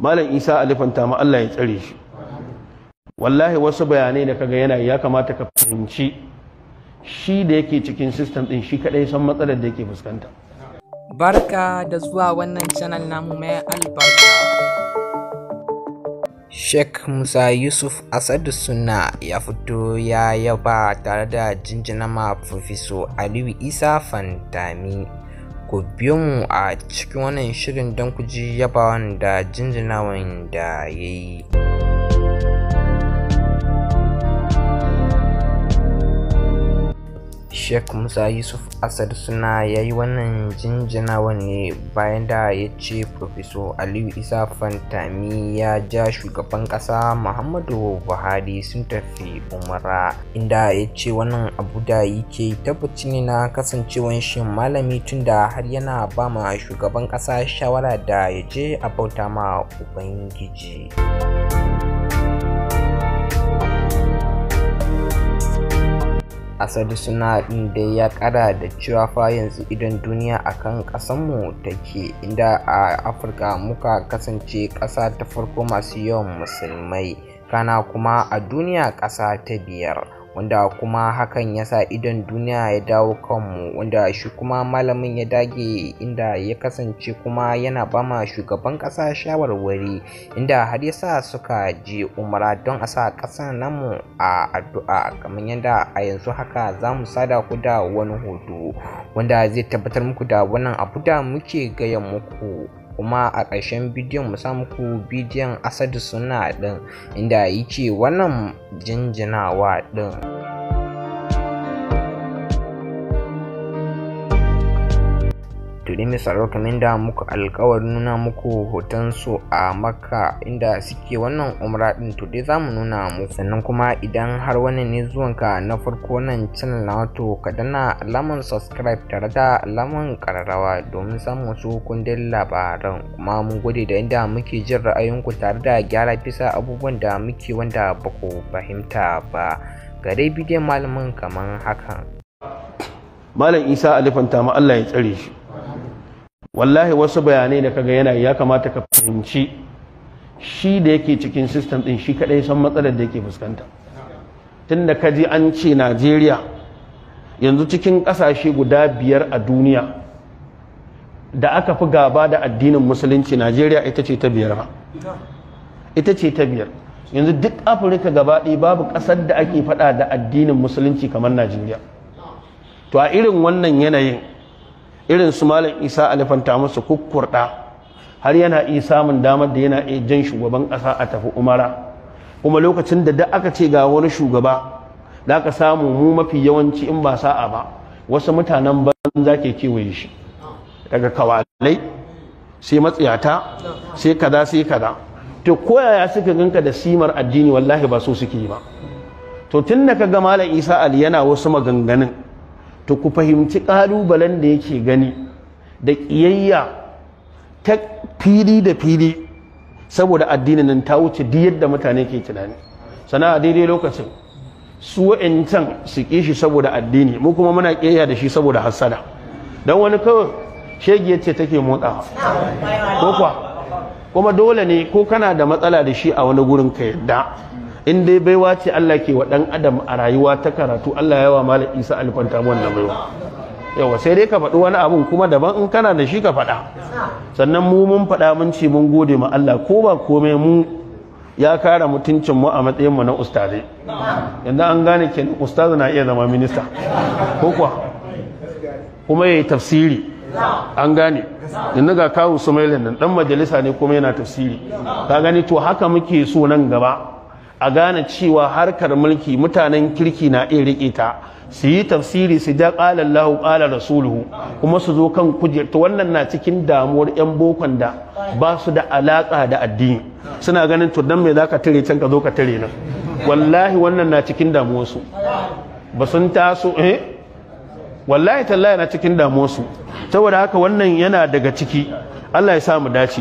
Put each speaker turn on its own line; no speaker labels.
malam isa alifanta ma Allah ya tsare shi wallahi wasu bayanai da kaga yana ya kamata ka fahimci shi da yake cikin system din shi kadai
san matsalar da yake fuskanta barka da zuwa wannan channel namu mai albarka Sheikh Musa Yusuf Asadu Sunna ya fito ya yaba tare da jinjina ma Aliyu Isa Fantami ku biyo mu a cikin wannan shirin don ku ji yabawan da jinjinawan da ya yi Sheikh Musa Yusuf Asad suna ya yi wannan jinjinawa ne bayan da ya ce Profesor Aliyu Isa Fantami ya ja shugaban ƙasa Muhammadu Buhari sun tafi Umara inda ya ce wannan abu da yake tabbaci ne na kasancewan shi malami tunda har yana ba ma shugaban ƙasa shawara da ya je a bauta ma Ubangiji. asadu suna inda ya kara da cewa fa yanzu idan duniya akan kasanmu take inda a afirka muka kasance kasa ta farko masu yawan musulmai kana kuma a duniya kasa ta biyar wanda kuma hakan ya sa idon duniya ya dawo kanmu wanda shi kuma malamin ya dage inda ya kasance kuma yana bama shugaban ƙasa shawarwari inda har ya sa suka je umara don a sa ƙasa namu a addu'a kamar yadda a yanzu haka za mu sada ku da wani hoto wanda zai tabbatar muku da wannan abu da muke gaya muku kuma a ƙarshen bidiyon mu muku bidiyon asadu suna ɗin inda ya ce wannan jinjinawa ɗin to dai Mr. min da muku alƙawarin nuna muku hoton su a Makka inda suke wannan umra din to dai zamu nuna mu. sannan kuma idan har wannan ne ka na farko nan channel na wato ka danna alamar subscribe tare da alamar kararrawa domin samun su kundin labaran kuma mun gode da inda muke jin ra'ayinku tare da gyara bisa abubuwan da muke wanda ba ku fahimta ba ga dai bidiyon malamin kaman hakan
malam isa alifanta ma Allah ya tsare shi wallahi wasu bayanai da kaga yana ya kamata ka fahimci shi da yake cikin system din shi kadai san matsalar da yake fuskanta tunda ka ji an ce Najeriya yanzu cikin kasashe guda biyar a duniya da aka fi gaba da addinin musulunci Najeriya ita ce ta biyar ita ce ta biyar yanzu duk afirka gaba ɗaya babu ƙasar da ake faɗa da addinin musulunci kamar najeriya to a irin wannan yanayin irin su malam isa alifanta musu kukkurda har yana iya samun damar da yana iya jan shugaban ƙasa a tafi umara kuma lokacin da da aka ce ga wani shugaba da aka samu mu mafi yawanci in ba sa'a ba wasu mutanen za ke kewaye shi daga kawalai sai matsiyata sai kaza sai kaza to koyaya suka ganka da simar addini wallahi ba so suke yi ba to tun da ka ga malam isa ali yana wasu maganganun to ku fahimci ƙalubalen da yake gani da ƙiyayya ta fili da fili saboda addinin nan ta wuce duk yadda mutane ke tunani sana'a daidai lokacin su wa'incan su ƙi shi saboda addini mu kuma muna ƙiyayya da shi saboda hassada don wani kawai shegiyar ce take motsawa kuma dole ne ko kana da matsala da shi a wani gurin ka yadda in dai baiwa ce Allah ke wa dan adam a rayuwa ta karatu Allah ya wa malam Isa alfanta wannan baiwa yau sai dai ka faɗi wani abun kuma daban in kana da shi ka faɗa sannan mu mun faɗa mun ce mun gode ma Allah ko ba komai mu ya kara mutuncin mu a matsayin mu na ustazi yanda an gane kenan na iya zama minista ko kuwa kuma yayi tafsiri an gane yanzu ga kawo sumailin nan dan majalisa ne kuma yana tafsiri ka gani to haka muke so nan gaba a gane cewa harkar mulki mutanen kirki na iya riƙe ta su yi tafsiri su ja ƙala Allahu ƙala Rasuluhu kuma su zo kan ta wannan na cikin damuwar 'yan bokon da ba su da alaƙa da addini suna ganin to dan me zaka tare can ka zo ka tare nan wallahi wannan na cikin damuwarsu ba sun taso eh wallahi tallahi na cikin damuwarsu saboda haka wannan yana daga ciki Allah ya sa mu dace